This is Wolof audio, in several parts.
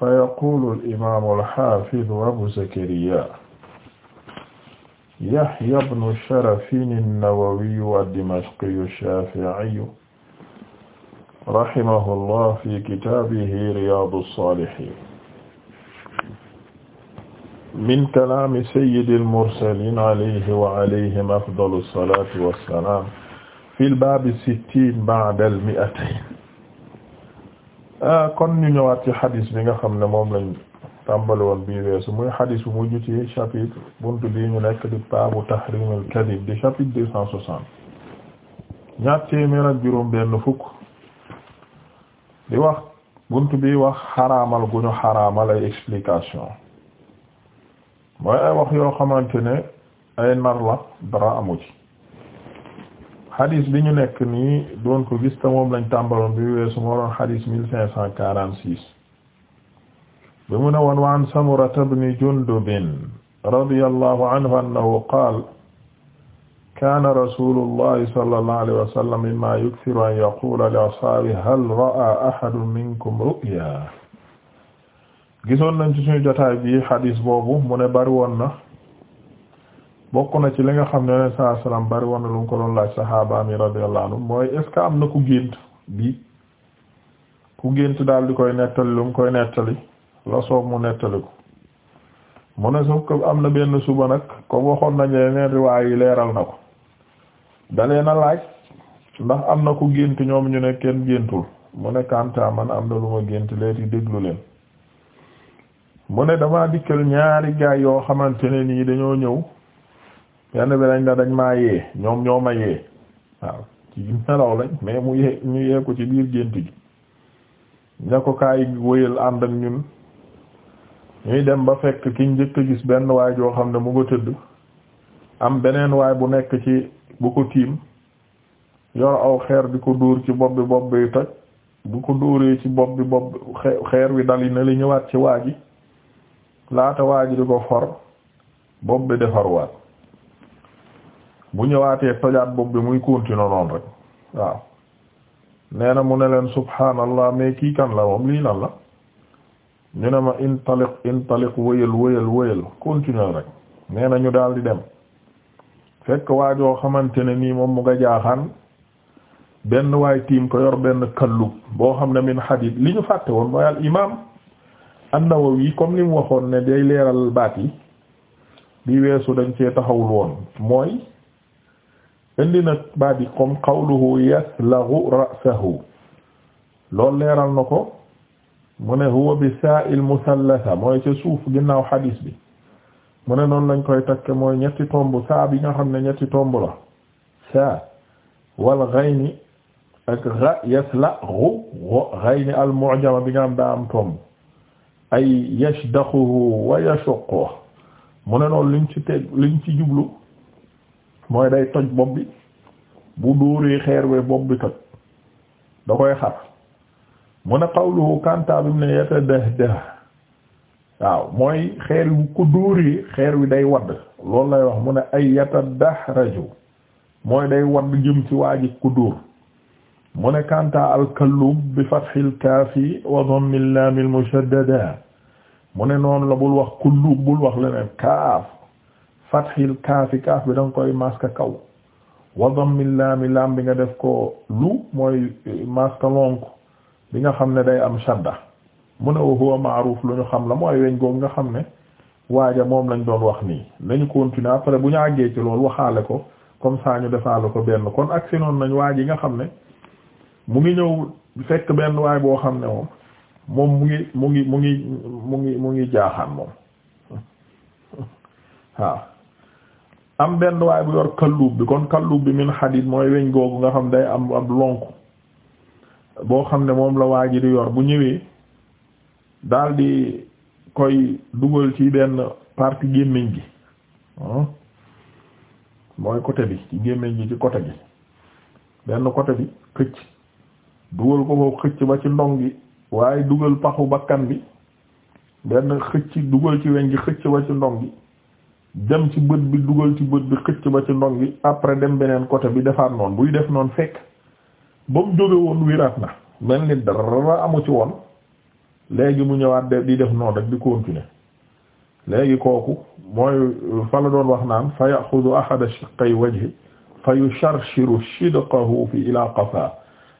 fa yaqulu al-imaamu al-haafidu abu zakariyaa yahyaa ibnu sharafiin an-nawawiyyu ad-dimashqiyu ash-shaafi'iyyu rahimahullah fi kitaabihi riyaadu as-saalihiin min kalaami sayyidi al-mursaliin alayhi wa alayhim afdalu as-salaatu was-salaam fil baabi sittiin ba'da al-mi'atayn Euh, kon ñu ñëwaat ci xadis bi nga xam ne moom lañu tàmbali woon bii weesu muy xadis bu mujj ci chapitre buntu bii ñu nekk di baabu tahrim al kadib di chapitre deux cent soixante ñaar téeméer ak juróom benn fukk di wax bunt bi wax xaraamal gu ñu xaraamal ay explication mooy ay wax yoo xamante ne ay nar la dara amu ci xadis bi ñu nekk nii doon ko gis te lañ tàmbaloon bi weesu moo doon mu ne woon wa an samurata bni jundubin radiyallahu anhu annahu qaal kaana rasulullahi sallallahu alayhi wa sallam mimma yukthiru an yaqula li hal ra'a ahadun minkum ru'ya gisoon nañ ci suñu bi xadis boobu mu ne bari woon na bokk na ci li nga xam ne alayhi salaatu wa bari woon na lu mu ko doon laaj saxaaba mi radiyallahu anhu mooy est am na ku gént bi ku gént daal di koy nettali lu mu koy nettali la soob mu nettali ko mu ne sax ko am na benn suba nag ko waxoon nañ yeneen riwaay yi leeral na ko dalee na laaj ndax am na ku gént ñoom ñu ne kenn géntul mu ne Kanta man am na lu ma gént leeti déglu leen mu ne damaa dikkal ñaari gaay yoo xamante ne nii dañoo ñëw. yenn bi dañ la maa yee ñoom ñoo ma yee waaw ci nelaw lañ mais mu yee ñu yee ko ci biir gént gi ña ko kaay wëyal ànd ak ñun ñuy dem ba fekk ki njëkk gis benn waay joo xam ne mu ko tëdd am beneen waay bu nekk ci bu ko tiim yor aw xeer di ko dóor ci bopp bi bopp bi toj bu ko dóoree ci bopp bi bopp xeer wi dal yi na li ñëwaat ci waa ji laata waa di ko for bopp bi defarwaat bu ñëwaatee tojaat bopp bi muy continuer noonu rek waaw nee na mu ne leen subhaanallah mais kii kan la moom lii lan la ñu ne ma intaliq intaliq wëyal wëyal continuer rek nee na ñu daal di dem fekk waajoo xamante ne nii moom mu nga jaaxaan benn waay tiim ko yor benn kallub boo xam ne min hadith li ñu fàtte woon mooy al imam an comme ni mu waxoon ne day leeral baat yi bi weesu dañ cee taxawul woon mooy indi nag baat yi comme qawluhu yaslaghu ra'sahu loolu leeral na ko mu ne huwa bi saa'il musallasa mooy ca suuf ginnaaw xadiis bi mu ne noon lañ koy takke mooy ñetti tomb saa bi nga xam ne ñetti tomb la saa wal ghayni ak gha ghayni al mu'jama bi nga xam daa am tomb ay yashdaxuhu wa yashuqquhu mu ne noonu liñ ci teg liñ ci jublu mooy day toj bopp bi bu dóoree xeer we bopp toj da koy xar mu ne qawluhu kanta bi mu ne yata dah dah waaw mooy xeer wi bu ko xeer wi day wadd loolu lay wax mu ne ay yata rajo mooy day wadd jëm ci waa ji ko dóor mu ne kanta alkalluub bi fathil kaafi wa dammil laamil mushaddada mu ne noonu la bul wax kulluub bul wax leneen kaaf fathil kaafi kaaf bi da nga koy maska kaw wa dammil laami laam bi nga def ko lu mooy eh, maska lonk bi nga xam ne day am shadda mu ne wa huwa ma'ruf lu ñu xam la mooy weñ googu nga xam ne waaja moom lañ doon wax nii lañu continuer après bu ñu àggee ci loolu waxaale ko comme ça ñu defaale ko benn kon ak si noonu waaj yi nga xam ne mu ngi ñëw fekk benn waay boo xam ne moom moom mu ngi mu ngi mu ngi mu ngi mu ngi jaaxaan moom waaw am benn waay bu yor kalluub bi kon kalluub bi min xadid mooy weñ googu nga xam day am ab lonk boo xam ne moom la waa ji di yor bu ñëwee daal di koy dugal ci benn partie gémmiñ gi ah, mooy côté bi ci gémmiñ gi ci côté bi benn côté bi xëcc dugal ko foofu xëcc ba ci ndong gi waaye dugal paxu bakkan bi benn xëcc dugal ci weñ gi xëcc ba ci ndong gi dem ci bët bi dugal ci bët bi xëcc ba ci ndong bi après dem beneen côté bi defaat noonu buy def noon fekk ba mu jóge woon wiraat na mel ni dara amu ci woon léegi mu ñëwaat de di def noonu rek di continuer léegi kooku mooy euh, fa la doon wax naan fa yaxudu ahada shiqqay wajhi fa yusharshiru shidqahu fi ila qafa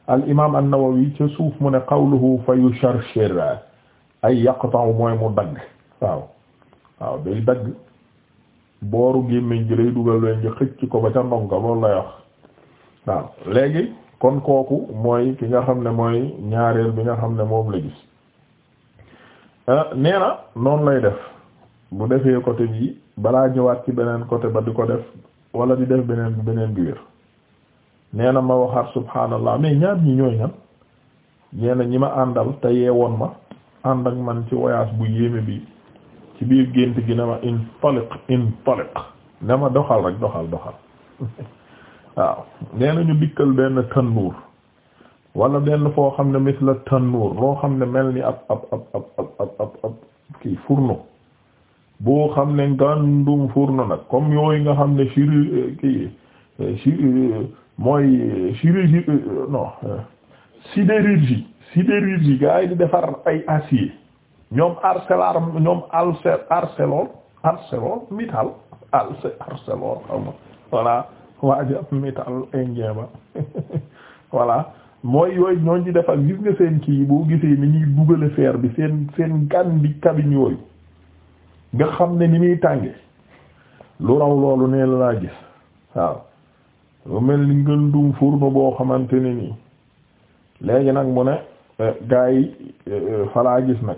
al imam an-Nawawi ca suuf mu ne qawluhu fa yusharshir ay yaqta'u mooy mu dagg waaw waaw day dagg booru gémmiñ gi lay dugal leen xëcc ko ba ca ndonka loolu lay wax waaw léegi kon kooku mooy ki nga xam ne mooy ñaareel bi nga xam ne moom la gis euh, nee na noonu lay def bu defee côté bi balaa ñëwaat ci beneen côté ba di ko def wala di def beneen beneen bi wér nee na ma waxaat subhaanallah mais ñaar ñi ñooy ñan nee na ñi ma àndal te woon ma ànd ak man ci voyage bu yéeme bii ci biir gént gi ne ma intaliq intaliq ne ma doxal rek doxal doxal waaw nee na ñu dikkal benn tannuur wala benn foo xam ne misla tannuur loo xam ne mel ni ab ab ab ab ab ab kii boo xam ne ngàndum fourneau nag comme yooyu nga xam ne chirurgie kii chirurgie mooy chirurgie euh, non euh, sidérurgie sidérurgie gaa yi di defar ay acier ñoom Arcelor ñoom Alce Arcelor Arcelor Mittal Alce Arcelor xam voilà waa ji am Mittal ay mooy yooyu ñooñ ci defal gis nga seen kii boo gisee ni ñuy bugale fer bi seen seen gan bi cabine yooyu nga xam ne ni ñuy tànge lu raw loolu nee laa gis waaw lu mel ni ngeen dum fourneau boo xamante ne nii léegi nag mu ne eh, gaa yi eh, eh, falaa gis nag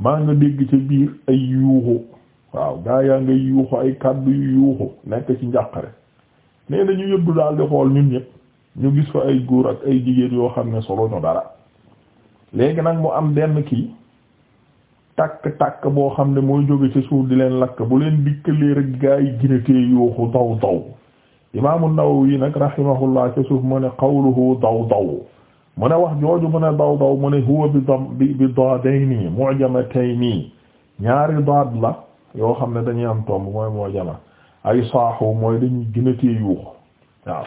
maa nga dégg ca biir ay yuuxu waaw gaa yaa ngay yuuxu ay kàddu yu yuuxu nekk ci njàqare nee na ñu yëbbu daal di xool ñun ñëpp ñu gis fa ay góor ak ay jigéen yoo xam ne solo ñu dara léegi nag mu am benn kii takk-takk boo xam ne mooy jóge ci suuf di leen lakk bu leen dikkalee rek gaa yi ginatee yuuxu daw daw imaamu Nawawi nag rahimahullah ca suuf mu ne qawluhu daw daw mu ne wax jooju mu ne daw daw mu ne huwa bi dam bi bi daadayni nii ñaari daad la yoo xam ne dañuy am tomb mooy mu'jama ay saaxu mooy dañuy gën a yuux waaw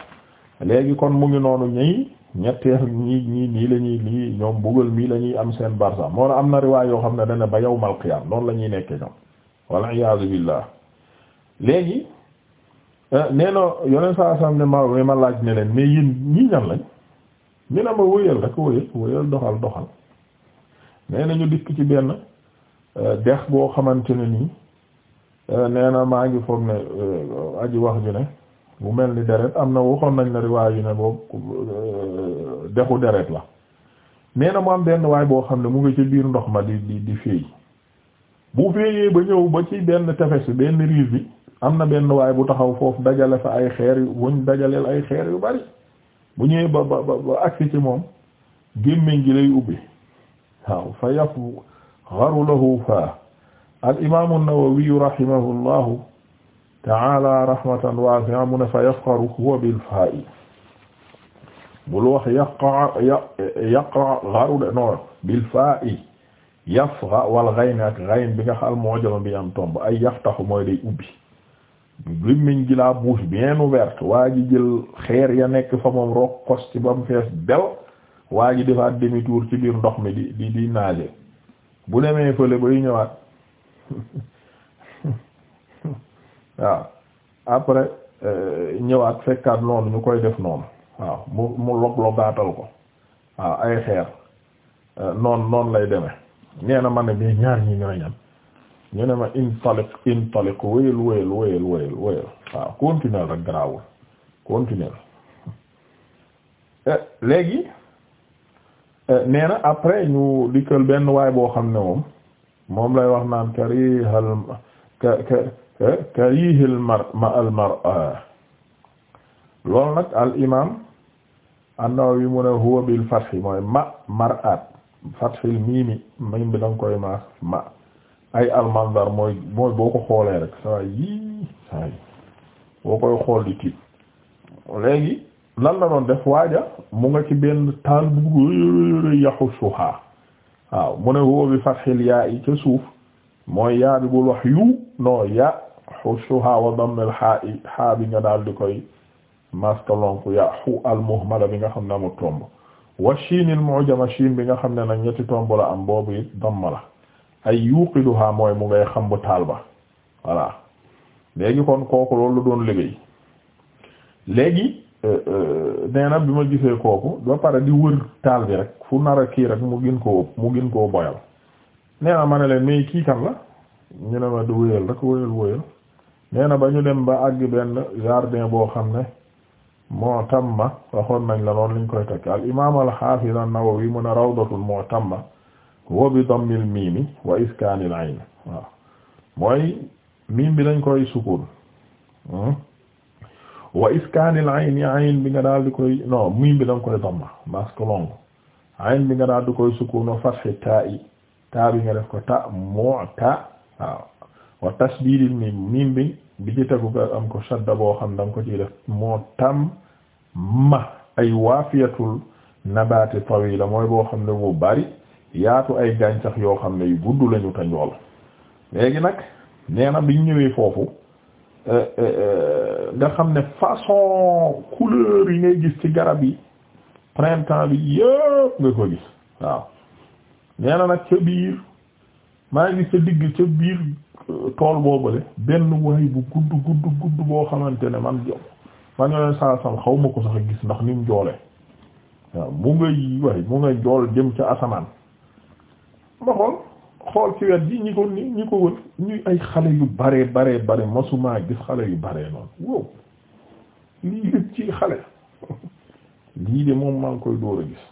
léegi kon mu ngi noonu ñi ñetteel ñi ñii lañuy la ñuy lii ñoom bugal mii lañuy am seen barsa moo na am na riwaay yoo xam ne dana ba yow qiyaam noonu la ñuy nekkee ñoom wal iyaazu billaah léegi nee na yoneen saa sam ne ma ma laaj ne leen mais yéen ñii ñan lañ ñu ne ma wóyal rek wóyal wóyal doxal doxal nee na ñu dikk ci benn euh, dex boo xamante ne nii euh, nee na maa ngi foog ne euh, aji wax ju ne bu mel ni deret am na waxoon nañ la riwaay yu ne boobu dexu deret la nee na mu am benn waay boo xam ne mu ngi ci biir ndox ma di di di féey bu féeyee ba ñëw ba ci benn tefes bi benn rive bi am na benn waay bu taxaw foofu dajale fa ay xeer yu buñ dajaleel ay xeer yu bari bu ñëwee ba ba ba agsi ci moom gi lay ubbi waaw fa yafu xaru lahu fa al imaamu ta'ala rahmatan wasi'a mu fa yafqaru huwa bil fa'i bul wax yaqa yaqa xaru ak ghayn bi nga xam al mu'jam bi am tomb ay yaftahu mooy day gémmiñ gi la bouche bien ouverte waa ji jël xeer ya nekk fa moom rokkos ci ba mu fees del waa ji defaat demi tour ci biir ndox mi di di di naaje bu demee fële bay ñëwaat waaw après euh, ñëwaat fekkaat noonu ñu koy def noonu waaw mu mu log logaatal ko waaw ay xeer euh, noonu noonu lay demee nee na man ñaar ñi ñooy ñan ñu ne ma intalik intalik wéyal wéyal wéyal wéyal wéyal waaw continuer rek garaawul continuer eh, léegi eh, nee na après ñu dikkal benn waay boo xam ne moom moom lay wax naan karihal ka ka mar ma al mar ah. loolu nag al imam an-Nawawi mu ne huwa bil fathi mooy ma mar'at fathil miimi mim bi danga koy maas ma ay almandar mooy mooy boo ko xoolee rek saa yii saa yi boo koy xool di tiit léegi lan la doon def waaja mu nga ci benn taal bu yaxu suuxaa waaw mu ne woo bi fatxil yaa yi ca suuf mooy yaa bi bul wax yu non ya xu suuxaa wa dammel xaa i xaa bi nga daal di koy maskalonk ya xu al muhmala bi nga xam ne amul tomb wa shiinil mu'jama shiin bi nga xam ne nag ñetti tomb la am boobu it damm ay yuqiduha mooy mu ngay xam bu taal ba voilà léegi kon kooku loolu la doon liggéey léegi euh, euh, nee bi ma gisee kooku ba pare di wër taal bi rek fu nar a kii rek mu gin koo mu gën koo boyal nee na ma ne leen mais kii la ñu ne ma di wëyal rek wëyal wëyal nee na ba ñu dem ba àgg benn jardin boo xam ne moo tam Mu'tamma waxoon nañ la noonu lañ koy takk al imaam al-Hafiz an-Nawawi mu ne rawdatul Mu'tamma wo bi dammil miimi wa iskaanil ayn waaw mooy miim bi dañ koy sukun hmm? wa iskaanil ayn yi ayn bi nga daal di miim bi da nga koy damma masque longue ayn nga daal di koy sukun wa fathi taa bi nga def ko ta moo ta waaw wa tasdiidil miim miim bi bi tegu nga am ko shadda boo xam da ko ci def moo tam ma ay waafiyatul nabaati tawila mooy boo xam ne bu bari yaatu ay gàncax yoo xam ne yu gudd lañu te njool léegi nag nee na biñ ñëwee foofu euh, euh, euh, nga xam ne façon couleur yi ngay gis ci garab yi printemps bi yëpp nga ko gis waaw nee nag ca biir maa ngi gis ca digg ca biir tool boobale benn waay bu gudd gudd gudd boo xamante ne man jox man yoneen saasam xaw ko sax gis ndax ni mu joole waaw mu ngay waay mu ngay jool jëm ca asamaan ma xool xool ci wet ji ñi ko ñi ko wër ñuy ay xale yu bare bare bare masumaa gis xale yu bare noonu wow lii lépp ci xale lii de moom maa ngi koy dóor a gis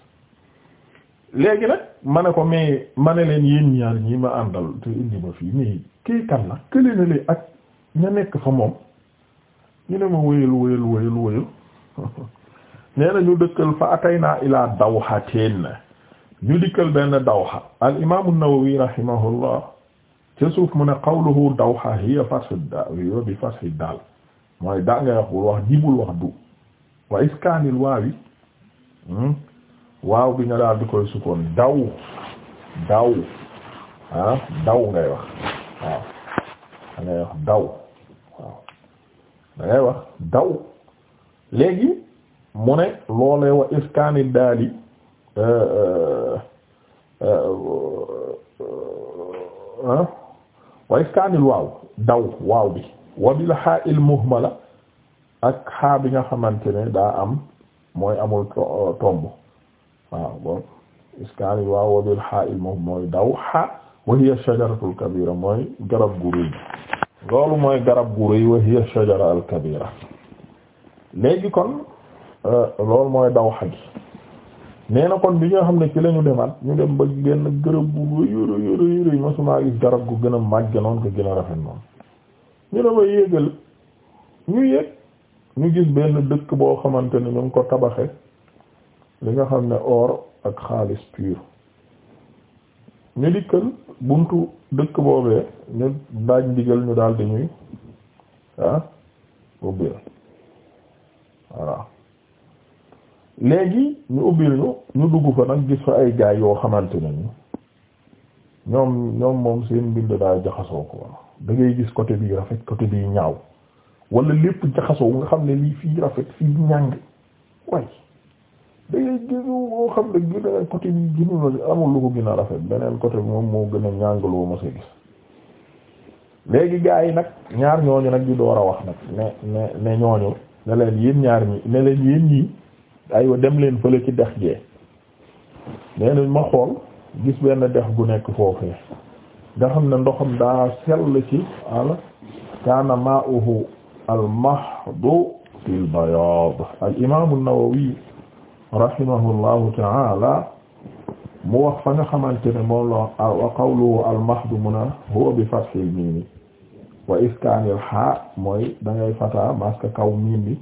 léegi nag ma ne ko mais ma ne leen yéen ñaar ñi ma àndal te indi ma fii mais kii la kële na lee ak ña nekk fa moom ñu ne ma wëyal wëyal wëyal wëyal nee na ñu dëkkal fa atay naa ilaa daw xateen ñu dikkal benn dawxa al nawawi rahimahullah ca suuf mu ne qawluhu dawxa hiya bi fathi daal mooy daa ngay wax bul wax jibul wax du wa iskaanil waawi hmm? waaw bi nga daal di koy sukkoon daw daw ah, daw ngay wax waaw da ngay wax daw waaw da ngay wax daw léegi mu ne loolee wa iskaanil daali Euh, euh, euh, wa iskaanil waaw daw waaw bi wa bil xaa il muhmala ak xaa bi nga xamante ne daa am mooy amul tomb waaw boobu iskaanil waaw wa bil xaa il muhmala mooy daw xaa wa hiya shajaratul kabira mooy garab gu rëy loolu mooy garab gu rëy wa hiya shajara al kabira léegi kon loolu mooy daw xagi nee na kon bi nga xam ne ci la ñu demaat ñu dem ba genn gërëb bu yoro yoro yoro yi masumaa gis garab gu gën a màgg noonu ko gën a rafet noonu ñu dama yéegal ñu yéeg ñu gis benn dëkk boo xamante ne ñu ngi ko tabaxe li nga xam ne or ak xaalis pur ñu dikkal buntu dëkk boobee ñu daaj ndigal ñu daal di ñuy ah ubbil voilà léegi ñu ubbil ñu ñu dugg fa nag gis fa ay gaay yoo xamante ne ni ñoom ñoom moom seen mbind daa jaxasoo ko da gis côté bi rafet côté bii ñaaw wala lépp jaxasoo nga xam ne lii fii rafet fii ñàng way da ngay gis boo xam ne gën lu ko gën a rafet beneen côté bi moom moo gën a ñàng loo ma sa gis léegi gaay yi nag ñaar ñooñu nag di door a wax nag ne ne ne ñooñu ne leen ñaar ne leen yéen ñii ay dem leen fële ci dex gee nee ma xool gis benn dex gu nekk foofee nga xam ne ndoxam daa sell ci al kaana ma'uhu al mahdu fil bayaad al imaamu an-Nawawi rahimahullahu ta'ala mu wax fa nga xamante ne moom la wa qawluhu al mahdu mun a huwa bi fathil miim wa iskaanil xaa mooy dangay ngay fataa maska kaw miim bi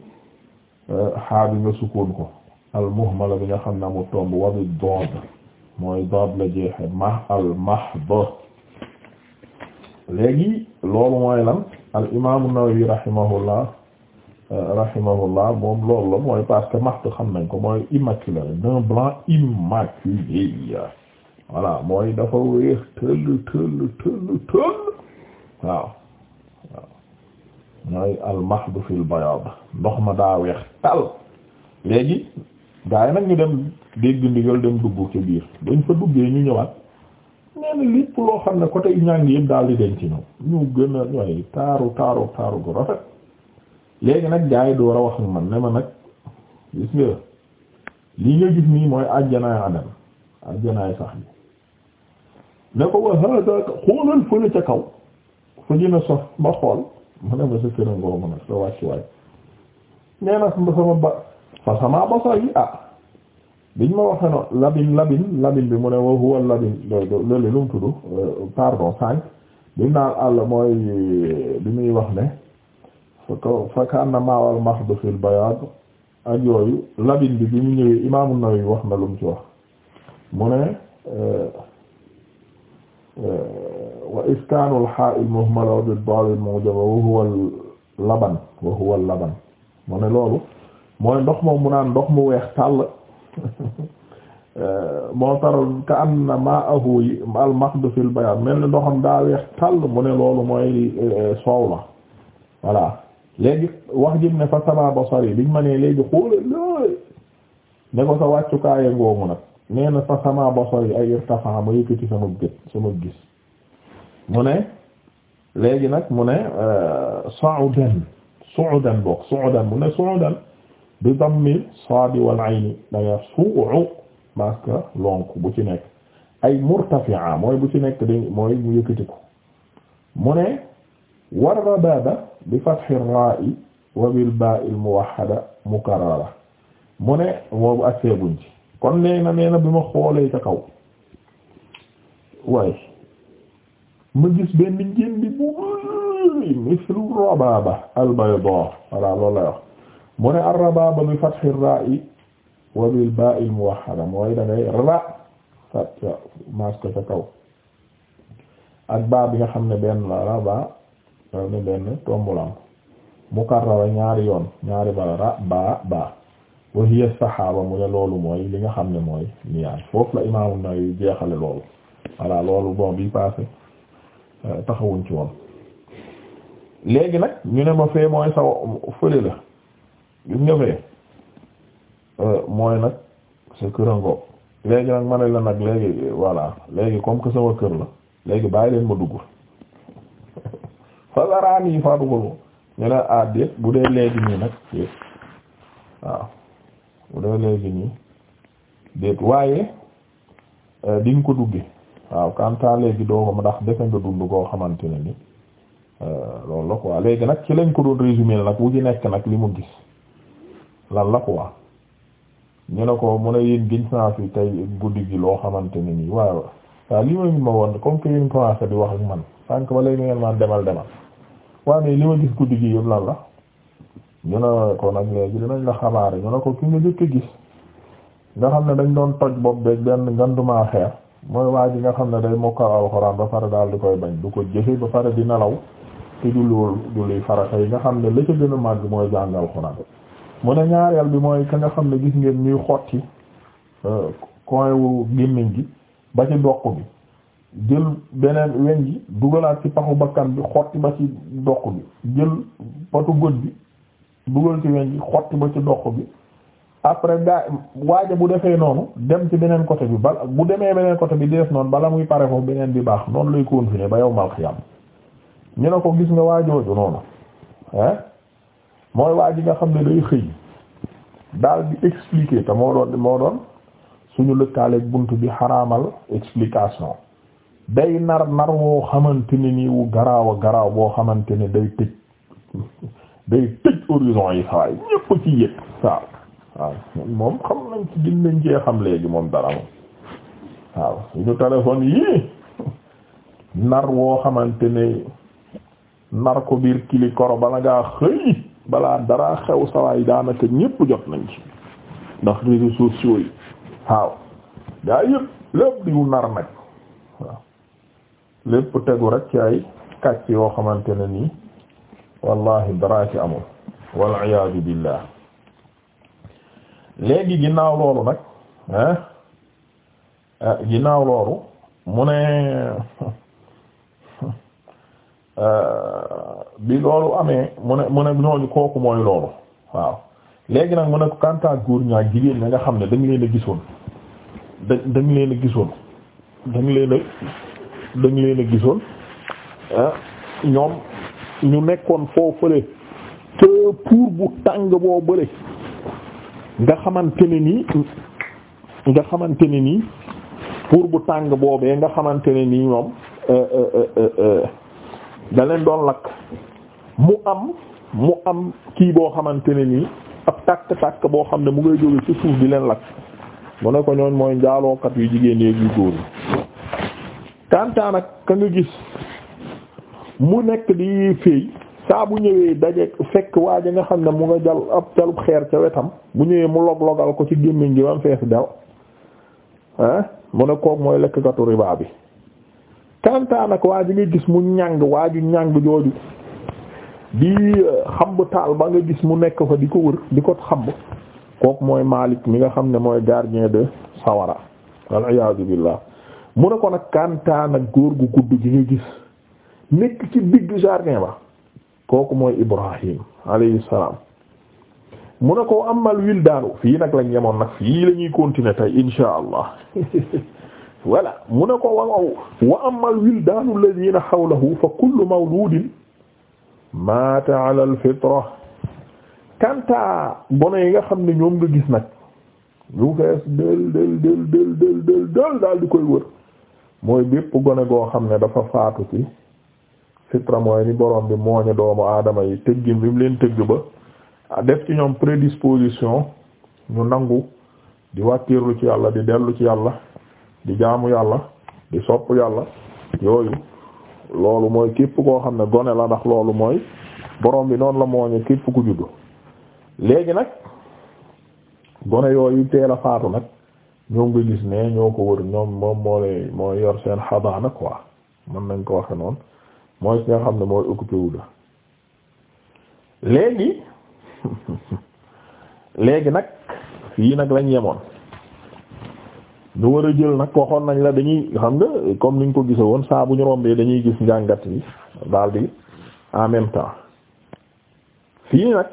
xaa bi nga sukkoon ko al muhmala bi nga xam ne amul tomb wabi dood mooy dood la jeexe ma al mahdo léegi loolu mooy lan al imam an-Nawawi rahimahullah euh, moom loolu la mooy parce que mahdo xam nañ ko mooy immaculé d'un blanc immaculé voilà mooy dafa wéex tëll tëll tëll tëll waaw waaw mooy al mahdo fil bayaad ndox ma daa weex tal léegi gaa nag ñu dem dégg ndigal dem dugg ci biir dañ fa duggee ñu ñëwaat nee na lépp loo xam ne côté yu ñàng yëpp daal di denc ñëw ñu gën a waaye taaru taaru taaru bu rafet léegi nag gaa yi door a wax man ne ma nag gis nga lii nga gis nii mooy àjjanaay adam àjjanaay sax bi ne ko wa xoolal fële ca kaw fu dina sof ma xool mu ne ma sa këra ngoo më nag sa wàcc waay nee sama ba fa sama basar yi ah biñ ma waxe noonu labin labin labin bi mu ne wa huwa labin loolu lu mu tudd euh, pardon cinq bimu naan àll mooy bi muy wax ne fa kaana maawal mahdu fil bayaad ak yooyu labin bi bi mu ñëwee imaamu Nawawi wax na lu mu ci wax mu ne euh, euh, wa iskaanul haa'il muhmala wa bid daal al mu'jama wa huwa laban wa huwa laban mu ne loolu mooy ndox moom mu naan ndox mu weex tàll moo taral ka am na ma ahu yi al maqdu fil bayaad mel ni ndoxam daa weex tàll mu ne loolu mooy eh, soow la voilà léegi wax jëm ne fa sama basari biñ ma nee léegi xoolal looy ne ko sa wàccukaayee ngoomu nag nee na fa sama basari ay irtafa ma yëkkati sama gët sama gis mu ne léegi nag mu ne eh, su'udan su'udan bokk su'udan mu ne su'udan bi dammi saadi wal ayni da nga suucu parce que lonk bu ci nekk ay murtafi'a mooy bu ci nekk di mooy mu yëkkati ko mu ne war rabaada bi fathi ra'i wa bil ba'i al muwahhada mukarrara mu ne boobu ak seebuñ ci kon nee na nee na bi ma xoolee ca kaw waaye ma gis benn njëndi bu mislu rabaaba al bayda voilà loolu lay wax mu ne ar-rabaaba bi fathi ar-raa'i wa bil baa'i al-muwahhada mooy da ngay ra fat maska kaw ak baa bi nga xam ne benn la raba ne benn tombulam mukarrara ñaari yoon ñaari bala ra baa baa wa saxaaba mu ne loolu mooy li nga xam ne mooy niyaat foofu la imaamu Nawawi jeexale loolu voilà loolu bon bi passé euh, taxawuñ ci woon léegi nag ñu ne ma fee mooy saw fële la gis nga fee mooy nag sa kër a ngoog léegi nag ma la nag léegi voilà léegi comme que sama kër la léegi bàyyi leen ma dugg fa saraan yi fa dugg ñu ne ah déet bu dee léegi nii nag déet waaw bu waaye euh, di nga ko dugge waaw kanta léegi doo ko ndax defe nga dund koo xamante ne ni euh, loolu la quoi léegi nag ci lañ ko doon résumé nag wu ci nekk nag li mu gis lan la quoi ñu ne ko mun a yéen gis naa fi tey guddi gi loo xamante ne nii waaw waaw li woon comme que yéen commencé di wax man sànq ba léegi ngeen demal demal waaw li ma gis guddi gi yëpp lan la ñu ne ko nag léegi dinañ la xabaare ñu ne ko ki nga jëkk gis nga xam ne dañ doon toj bopp beeg benn nganduma xeer mooy waa nga xam ne day mokkal alxuraan ba pare daal di koy bañ du ko jëfe ba pare di nelaw te du loolu du luy yi nga xam ne la ca gën a màgg mooy jàng alxuraan mu ne ñaareel bi mooy ka nga xam ne gis ngeen ñuy xotti euh, coin wu gémmiñ gi ba ci doq bi jël beneen weñ gi dugalaat ci paxu bakkan bi xotti ba ci doq bi jël patu gët bi dugal ci weñ gi xotti ba ci doq bi après gaa waaja bu defee noonu dem ci beneen côté bi bala bu demee beneen côté bi di noonu bala muy pare foofu beneen bi baax noonu lay continuer ba yow mal xiyam ñu ne ko gis nga waajooju noonu ah mooy waa ji nga xam ne day xëy daal di expliquer te moo doon moo doon suñu lëkkaaleeg bunt bi xaraamal explication day nar nar woo xamante nii wu garaaw garaaw boo xamante ne day tëj day tëj horizon yi sawaay ñépp ci yëg waaw waaw moom xam nañ ci gën nañ cee xam léegi moom dara moom waaw suñu téléphone yii nar woo xamante ne nar ko biir kili bala ngaa xëy balaa dara xew sawaay daanaka ñépp jot nañ ci ndax réseaux sociaux yi waaw gaa yépp lépp diwu nar nag lépp tegu rek ci ay kàcc yoo xamante ne nii wallahi daraa ci amul wal iyaadu billah léegi ginnaaw loolu nag ah ginnaaw loolu mu ne euh, bi loolu amee mu ne mu ne ñooñu kooku mooy loolu waaw léegi nag mu ne ko kantaa góor ñaa jigéen ña nga xam ne dañ leen a gisoon dañ leen a gisoon dañ leen a dañ leen a gisoon ah ñoom ñu nekkoon foo fële te pour bu tàng boo bële nga xamante ne nii nga xamante ne nii pour bu tàng boobee nga xamante ne nii ñoom eh, eh, eh, da leen doon lakk mu am mu am kii boo xamante ne nii ab tàkk-tàkk boo xam ne mu ngay jóge ci suuf di leen lakk mu ne ko ñooñ mooy njaalookat yu jigéen yeeg yu góor yi kantaan ak ka nga gis mu nekk di féey saa bu ñëwee daje fekk waa ja nga xam ne mu nga jal ab jalub xeer ca wetam bu ñëwee mu log logal ko ci gémmiñ gi bam fees del ah mu ne koog mooy lekkkatu riba bi kantaan ak waa ji nga gis mu ñàng waa ju ñàng jooju di euh, xamb taal ba nga gis mu nekk fa di ko wër di ko xamb kooku mooy Malik mi nga xam ne mooy gardien de sawara wal iyaadu billah mu ne ko nag kantaan ak góor gu gudd gi nga gis nekk digg jardin ba mooy Ibrahim alayhi salaam mu ne ko amal wildaanu fii nag lañ yemoon nag fii la ñuy continuer mu ne ko wa wa fa kullu mawludin maata ala al fitra kanta bone yi nga xam ne ñoom nga gis nag lu fees del del del del del del del daal di koy wër mooy bépp gone goo xam ne dafa faatu ci fitra mooy ni borom bi mooñe doomu aadama yi tëggin bi mu leen tëgg ba ah, def ci ñoom prédisposition ñu nangu di wàttirlu ci yàlla di dellu ci yàlla di jaamu yàlla di sopp yàlla yooyu loolu mooy képp koo xam ne gone la ndax loolu mooy borom bi noonu la moo ñu képp ku juddu léegi nag gone yooyu teel a faatu nag ñoom nga gis ne ñoo ko wër ñoom moom moo lay yor seen xadaana ko mën nañ ko waxe noonu mooy si nga xam ne mooy occupé wu la léegi léegi nag fii nag lañ yemoon nga war a jël nag waxoon nañ la dañuy xam nga comme niñ ko gise woon saa bu ñu rombee dañuy gis njàngat yi daal di en même fii nag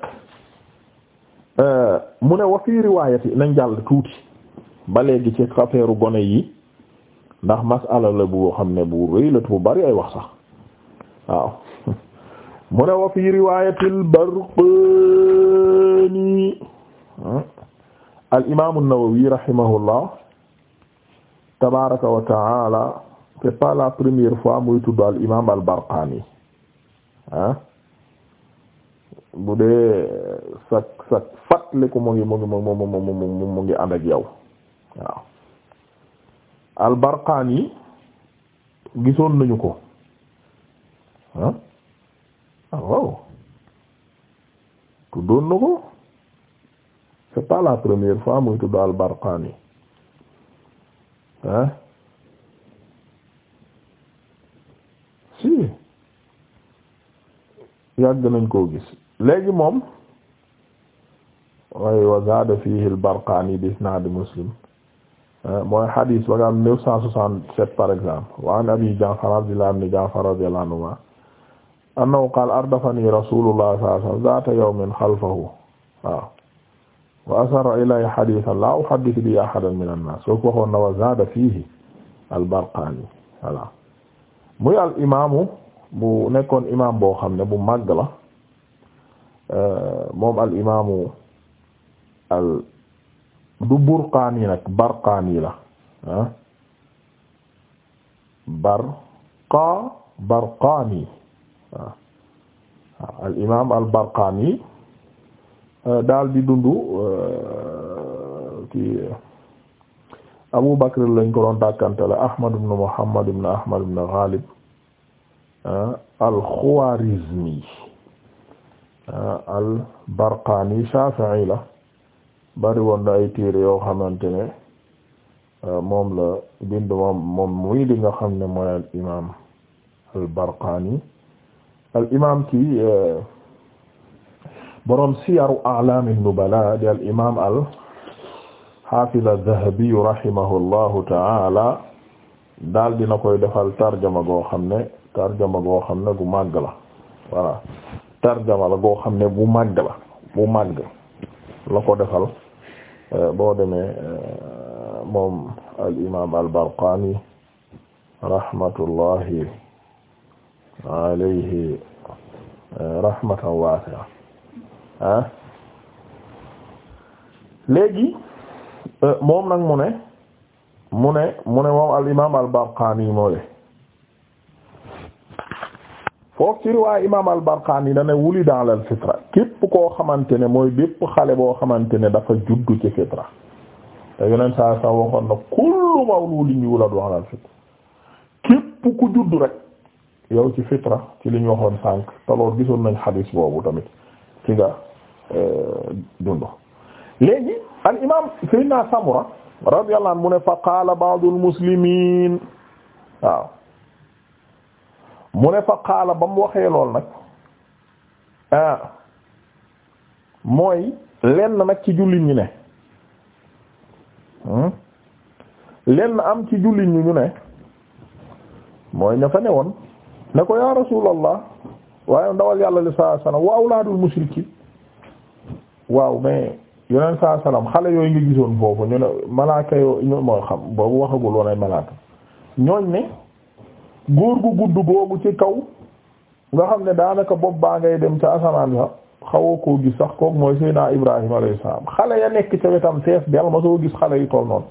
euh, mu ne wa fii riwaayati nañ jàll tuuti ba léegi ci affaire gone yi ndax masala la boo xam ne bu rëy bu bari ay wax sax waaw mu ne wa fii riwaayatil Barqaani hmm? al imaamu Nawawi rahimahullah tabaraka wa taala c'est pas la première fois muy tudd al imam al barqaani ah bu dee sak sak fàttali ko mu ngi mu ngi mu mu mu mu mu ngi ànd ak yow waaw al barqaani gisoon nañu ko ah waaw tuddoon na ko c'est pas la première fois muy tudd al barqaani ah si yàgg nañ koo gis léegi moom waaye wa zaada fiihi al-Barqaani bi isnaad Muslim mooy hadis ba nga am neuf cent soixante-sept par exemple wa an Abi Ja'far Abdillah ibn Ja'far radiyallahu anhuma annahu qaala ardafanii rasuulullahi sallallahu alayhi wa sallam zaata yawmin xalfahu waaw wa asarra ilay hadithan la uhaddith bi ahadan min an-nas foofu waxoon na wa zada fiihi al-Barqani voilà muy al imaamu bu nekkoon imaam boo xam ne bu màgg la euh, moom al imaamu al du Burqani nag Barqani la ah Barqa Barqani waaw ah. al imaam al Barqani Euh, daal di dund euh, kii Abu Bakr lañ ko doon dàkkantele Ahmad ibn Muhammad ibn Ahmad ibn Ghalib euh, al-Khwarizmi al-Barqani Shafi'i la bari woon ay téere yoo xamante ne moom la bind moom muy li nga xam ne mooy al imam al-Barqani al imam ki borom siyaru a'lamin nubala di al imam al hafiz az-Zahabi ta'ala daal dina koy defal tarjama goo xam ne tarjama goo xam ne gu màgg la voilà tarjama la goo xam ne bu màgg la bu màgg la ko defal euh, boo demee euh, moom al al Barqani rahmatullahi alayhi euh, rahmatan wasi'a ah léegi euh, moom nag mu ne mu ne mu ne moom al imaam al barqaani moo le foofu ci riwaay imaam al barqaani da ne wuli dans al fitra képp koo xamante ne mooy bépp xale boo xamante ne dafa juddu ci fitra te yeneen saa saa waxoon na kullu mawludin yuladu ala al fitra képp ku juddu rek yow ci fitra ci li ñu waxoon sànq te loolu gisoon nañ xadiis boobu tamit. ci nga euh, dund léegi al imam sayyidina Samura radiyallahu anhu mu ne fa qaala ba'dul muslimin waaw mu ne fa qaala ba mu waxee lool nag ah, mooy lenn nag ci jullit ñi ne hmm? lenn am ci jullit ñi ñu ne mooy ña fa ne woon ne ko ya rasulallah waaye ndawal yàlla li a salaam wa awlaadul mushrikiin waaw mais yeneen saa salaam xale yooyu nga gisoon foofu ñu ne malaaka yoo mooy xam boobu waxagul woon ay malaaka ñooñ ne góor gu gudd googu ci kaw nga xam ne daanaka bopp baa ngay dem ca asamaan sax xawoo koo gis sax kook mooy Seydina Ibrahima alayhi salaam xale ya nekk ca wetam fees del ma soo gis xale yu toll noonu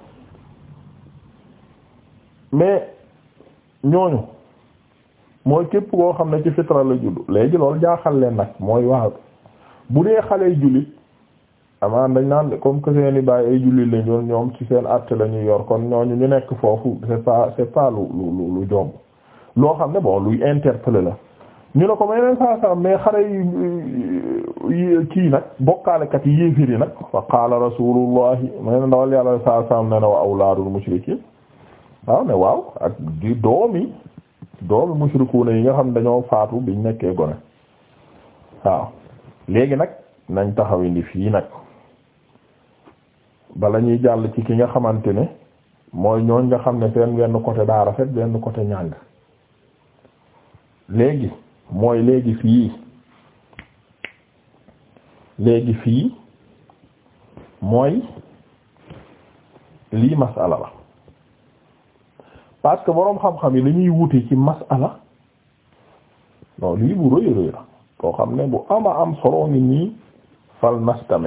mais ñooñu mooy képp koo xam ne ci fitra la judd léegi loolu jaaxal leen nag mooy waaw bu dee xale jullit amaan dañ naan comme que seen i bàyyi ay jullit la ñoom ci seen àtte la ñuy yor kon ñooñu ñu nekk foofu c'est pas c'est pas lu lu lu jomb loo xam ne bon luy interpeller la ñu ne ko may neen saa saa mais xale yi kii nag bokkaalekat yi yéefir yi nag fa qaala rasulullahi may ne ndawal yàlla saa saa ne ne wa awlaadul mushrikiin waaw ne waaw ak di doomi doomi mushrikuuna yi nga xam dañoo faatu biñ nekkee gone waaw léegi nag nañ taxaw indi fii nag bala ñuy jàll ci ki nga xamante ne mooy ñooñ nga xam ne seen benn côté daa rafet benn côté ñàng léegi mooy léegi fii léegi fii mooy lii masala la parce que boroom xam-xam yi lañuy ñuy wuti ci masala non lii bu rëy rëy la xam ne bu ama am solo nit ñi fal nastami